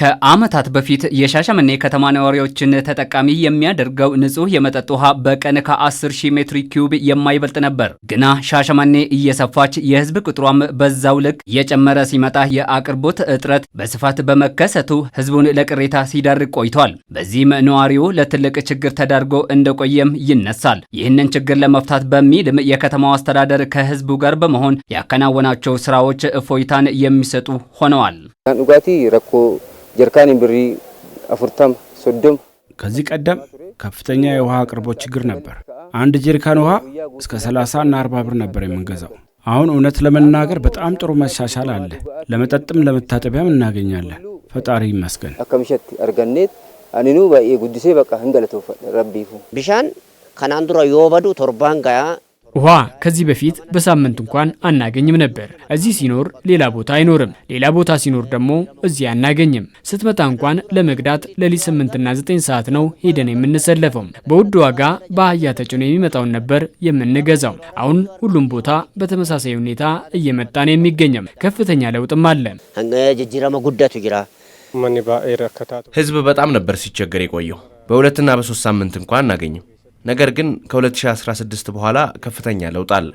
ከዓመታት በፊት የሻሸመኔ ከተማ ነዋሪዎችን ተጠቃሚ የሚያደርገው ንጹህ የመጠጥ ውሃ በቀን ከ10 ሺህ ሜትር ኪዩብ የማይበልጥ ነበር። ግና ሻሸመኔ እየሰፋች የህዝብ ቁጥሯም በዛው ልክ እየጨመረ ሲመጣ የአቅርቦት እጥረት በስፋት በመከሰቱ ህዝቡን ለቅሬታ ሲዳርግ ቆይቷል። በዚህም ነዋሪው ለትልቅ ችግር ተዳርጎ እንደቆየም ይነሳል። ይህንን ችግር ለመፍታት በሚልም የከተማው አስተዳደር ከህዝቡ ጋር በመሆን ያከናወናቸው ስራዎች እፎይታን የሚሰጡ ሆነዋል። ጀርካን ብሪ አፍርታም ሶዶም ከዚህ ቀደም ከፍተኛ የውሃ አቅርቦት ችግር ነበር። አንድ ጀሪካን ውሃ እስከ 30 እና 40 ብር ነበር የምንገዛው። አሁን እውነት ለመናገር በጣም ጥሩ መሻሻል አለ። ለመጠጥም ለመታጠቢያም እናገኛለን። ፈጣሪ ይመስገን። አከምሸት አርገኔት አኒኑ ባኤ ጉዲሴ በቃ ህንገለቶፈ ረቢ ቢሻን ከናንዱራ የወበዱ ቶርባን ጋያ ውሃ ከዚህ በፊት በሳምንት እንኳን አናገኝም ነበር። እዚህ ሲኖር ሌላ ቦታ አይኖርም፣ ሌላ ቦታ ሲኖር ደግሞ እዚህ አናገኝም። ስትመጣ እንኳን ለመቅዳት ሌሊት ስምንትና ዘጠኝ ሰዓት ነው ሄደን የምንሰለፈው። በውድ ዋጋ በአህያ ተጭኖ የሚመጣውን ነበር የምንገዛው። አሁን ሁሉም ቦታ በተመሳሳይ ሁኔታ እየመጣ ነው የሚገኘም። ከፍተኛ ለውጥም አለ። ህዝብ በጣም ነበር ሲቸገር የቆየው። በሁለትና በሶስት ሳምንት እንኳን አናገኝም። ነገር ግን ከ2016 በኋላ ከፍተኛ ለውጥ አለ።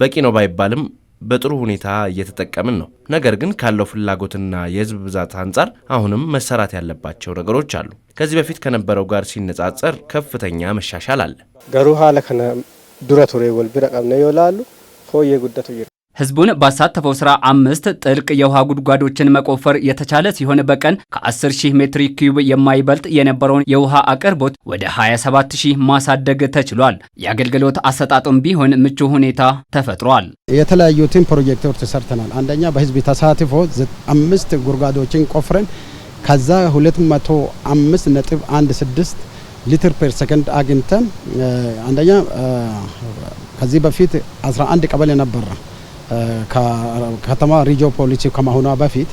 በቂ ነው ባይባልም በጥሩ ሁኔታ እየተጠቀምን ነው። ነገር ግን ካለው ፍላጎትና የህዝብ ብዛት አንጻር አሁንም መሰራት ያለባቸው ነገሮች አሉ። ከዚህ በፊት ከነበረው ጋር ሲነጻጸር ከፍተኛ መሻሻል አለ። ገሩ ሀለ ከነ ዱረ ቱሬ ወልቢረ ጉደቱ ህዝቡን ባሳተፈው ስራ አምስት ጥልቅ የውሃ ጉድጓዶችን መቆፈር የተቻለ ሲሆን በቀን ከ10 ሺህ ሜትር ኪዩብ የማይበልጥ የነበረውን የውሃ አቅርቦት ወደ 27 ሺህ ማሳደግ ተችሏል። የአገልግሎት አሰጣጡም ቢሆን ምቹ ሁኔታ ተፈጥሯል። የተለያዩትን ፕሮጀክቶች ተሰርተናል። አንደኛ በህዝብ ተሳትፎ አምስት ጉድጓዶችን ቆፍረን ከዛ 2516 ሊትር ፐር ሰከንድ አግኝተን አንደኛ ከዚህ በፊት 11 ቀበሌ ነበረ ከተማ ሪጂዮ ፖሊሲ ከመሆኗ በፊት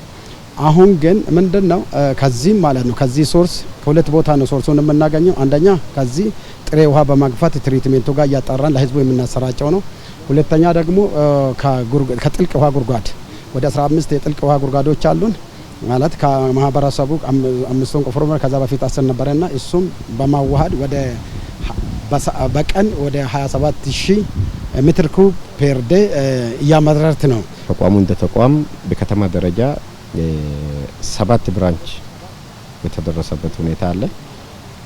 አሁን ግን ምንድን ነው ከዚህም ማለት ነው ከዚህ ሶርስ ሁለት ቦታ ነው ሶርሱን የምናገኘው። አንደኛ ከዚህ ጥሬ ውሃ በማግፋት ትሪትሜንቱ ጋር እያጣራን ለህዝቡ የምናሰራጨው ነው። ሁለተኛ ደግሞ ከጥልቅ ውሃ ጉድጓድ ወደ 15 የጥልቅ ውሃ ጉድጓዶች አሉን። ማለት ከማህበረሰቡ አምስቱን ቆፍሮ ከዛ በፊት አስር ነበረና እሱም በማዋሃድ ወደ በቀን ወደ 27 ሺህ ሜትር ኩብ ፔር ዴ እያመረተ ነው። ተቋሙ እንደ ተቋም በከተማ ደረጃ ሰባት ብራንች የተደረሰበት ሁኔታ አለ።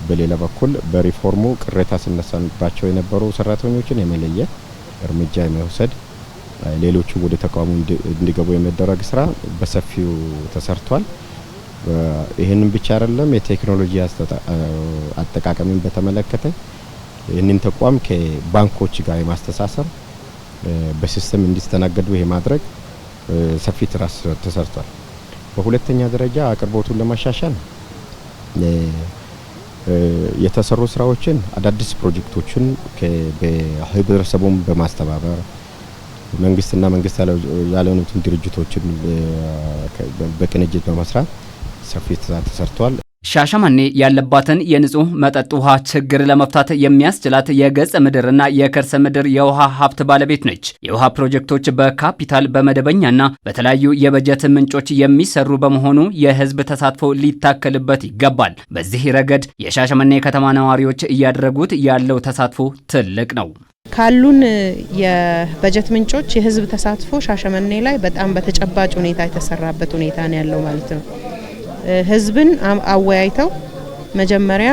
በሌላ በኩል በሪፎርሙ ቅሬታ ሲነሳባቸው የነበሩ ሰራተኞችን የመለየት እርምጃ የመውሰድ ሌሎቹ ወደ ተቋሙ እንዲገቡ የመደረግ ስራ በሰፊው ተሰርቷል። ይህንም ብቻ አይደለም፣ የቴክኖሎጂ አጠቃቀምን በተመለከተ ይህንን ተቋም ከባንኮች ጋር የማስተሳሰር በሲስተም እንዲስተናገዱ ይሄ ማድረግ ሰፊ ትራስ ተሰርቷል። በሁለተኛ ደረጃ አቅርቦቱን ለማሻሻል የተሰሩ ስራዎችን አዳዲስ ፕሮጀክቶችን ህብረተሰቡን በማስተባበር መንግስትና መንግስት ያልሆኑትን ድርጅቶችን በቅንጅት በመስራት ሰፊ ስራ ተሰርቷል። ሻሸመኔ ያለባትን የንጹህ መጠጥ ውሃ ችግር ለመፍታት የሚያስችላት የገጸ ምድርና የከርሰ ምድር የውሃ ሀብት ባለቤት ነች። የውሃ ፕሮጀክቶች በካፒታል በመደበኛና በተለያዩ የበጀት ምንጮች የሚሰሩ በመሆኑ የህዝብ ተሳትፎ ሊታከልበት ይገባል። በዚህ ረገድ የሻሸመኔ ከተማ ነዋሪዎች እያደረጉት ያለው ተሳትፎ ትልቅ ነው። ካሉን የበጀት ምንጮች የህዝብ ተሳትፎ ሻሸመኔ ላይ በጣም በተጨባጭ ሁኔታ የተሰራበት ሁኔታ ነው ያለው ማለት ነው። ህዝብን አወያይተው መጀመሪያ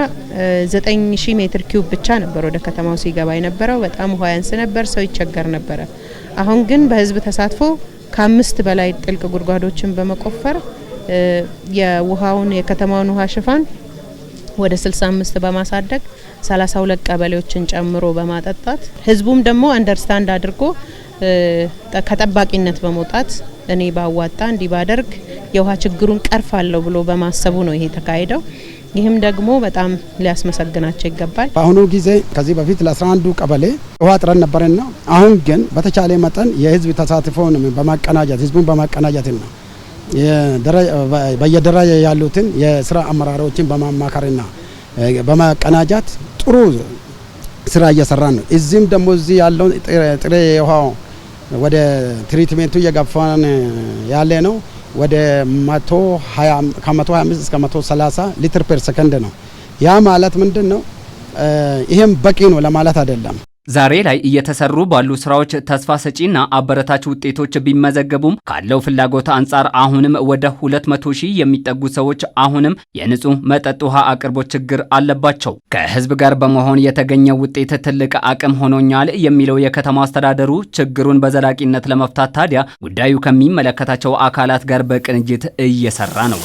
ዘጠኝ ሺህ ሜትር ኪዩብ ብቻ ነበር ወደ ከተማው ሲገባ የነበረው። በጣም ውሃ ያንስ ነበር፣ ሰው ይቸገር ነበረ። አሁን ግን በህዝብ ተሳትፎ ከአምስት በላይ ጥልቅ ጉድጓዶችን በመቆፈር የውሃውን የከተማውን ውሃ ሽፋን ወደ 65 በማሳደግ 32 ቀበሌዎችን ጨምሮ በማጠጣት ህዝቡም ደግሞ አንደርስታንድ አድርጎ ከጠባቂነት በመውጣት እኔ ባዋጣ እንዲህ ባደርግ የውሃ ችግሩን ቀርፋለሁ ብሎ በማሰቡ ነው ይሄ የተካሄደው። ይህም ደግሞ በጣም ሊያስመሰግናቸው ይገባል። በአሁኑ ጊዜ ከዚህ በፊት ለ 11 ቀበሌ ውሃ ጥረት ነበረና አሁን ግን በተቻለ መጠን የህዝብ ተሳትፎን በማቀናጀት ህዝቡን ና በየደረጃ ያሉትን የስራ አመራሮችን በማማከርና በማቀናጃት ጥሩ ስራ እየሰራ ነው። እዚህም ደግሞ እዚህ ያለውን ጥሬ ውሃ ወደ ትሪትሜንቱ እየገፋን ያለ ነው። ወደ ከ125 እስከ 130 ሊትር ፐር ሰከንድ ነው። ያ ማለት ምንድን ነው? ይሄም በቂ ነው ለማለት አይደለም። ዛሬ ላይ እየተሰሩ ባሉ ስራዎች ተስፋ ሰጪና አበረታች ውጤቶች ቢመዘገቡም ካለው ፍላጎት አንጻር አሁንም ወደ 200 ሺህ የሚጠጉ ሰዎች አሁንም የንጹህ መጠጥ ውሃ አቅርቦት ችግር አለባቸው። ከህዝብ ጋር በመሆን የተገኘው ውጤት ትልቅ አቅም ሆኖኛል የሚለው የከተማ አስተዳደሩ ችግሩን በዘላቂነት ለመፍታት ታዲያ ጉዳዩ ከሚመለከታቸው አካላት ጋር በቅንጅት እየሰራ ነው።